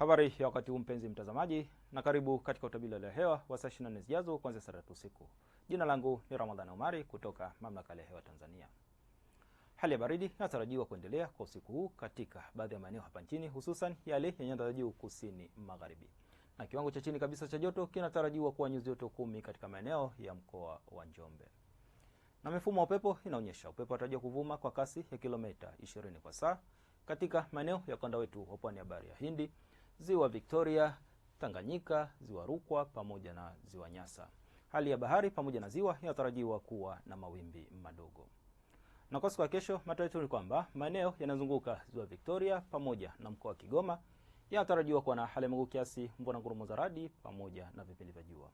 Habari ya wakati huu mpenzi mtazamaji, na karibu katika utabiri wa hali ya hewa wa saa 24 zijazo kuanzia saa tatu usiku. Jina langu ni Ramadhani Omari kutoka Mamlaka ya Hali ya Hewa Tanzania. Hali ya baridi inatarajiwa kuendelea kwa usiku huu katika baadhi ya maeneo hapa nchini, hususan yale ya nyanda za juu kusini magharibi, na kiwango cha chini kabisa cha joto kinatarajiwa kuwa nyuzi joto kumi katika maeneo ya mkoa wa Njombe na mifumo ya upepo inaonyesha upepo unatarajiwa kuvuma kwa kasi ya kilomita 20 kwa saa katika maeneo ya ukanda wetu wa pwani ya bahari ya Hindi ziwa Victoria, Tanganyika, ziwa Rukwa pamoja na ziwa Nyasa. Hali ya bahari pamoja na ziwa inatarajiwa kuwa na mawimbi madogo. Na kwa siku ya kesho, matarajio ni kwamba maeneo yanazunguka ziwa Victoria pamoja na mkoa wa Kigoma yanatarajiwa kuwa na hali ya mawingu kiasi, mvua na ngurumo za radi pamoja na vipindi vya jua.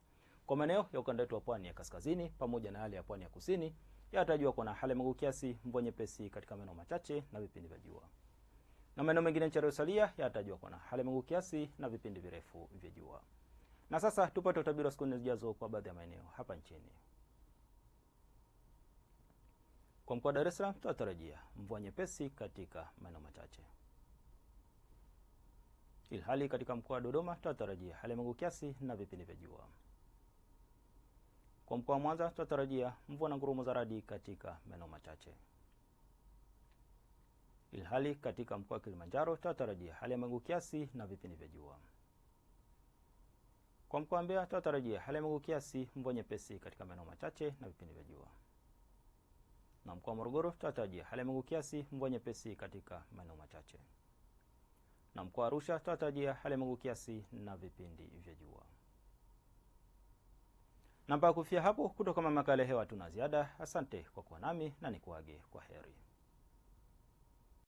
Kwa maeneo ya ukanda wetu wa pwani ya kaskazini pamoja na hali ya pwani ya kusini yanatarajiwa kuwa na hali ya mawingu kiasi, mvua nyepesi katika maeneo machache na vipindi vya jua na maeneo mengine nchi yaliyosalia yatajua kwa na hali ya kiasi na vipindi virefu vya jua. Na sasa tupate utabiri wa siku nne zijazo kwa baadhi ya maeneo hapa nchini. Kwa mkoa wa Dar es Salaam tunatarajia mvua nyepesi katika maeneo machache, ilhali katika mkoa wa Dodoma tunatarajia hali ya mawingu kiasi na vipindi vya jua. Kwa mkoa wa Mwanza tunatarajia mvua na ngurumo za radi katika maeneo machache. Ilhali katika mkoa wa Kilimanjaro tutatarajia hali ya mawingu kiasi na vipindi vya jua. Kwa mkoa wa Mbeya tutatarajia hali ya mawingu kiasi, mvua nyepesi katika maeneo machache na vipindi vya jua. Na mkoa wa Morogoro tutatarajia hali ya mawingu kiasi, mvua nyepesi katika maeneo machache. Na mkoa wa Arusha tutatarajia hali ya mawingu kiasi na vipindi vya jua. Na mpaka kufikia hapo, kutoka makala ya hewa tuna ziada. Asante kwa kuwa nami na nikuage kwa heri.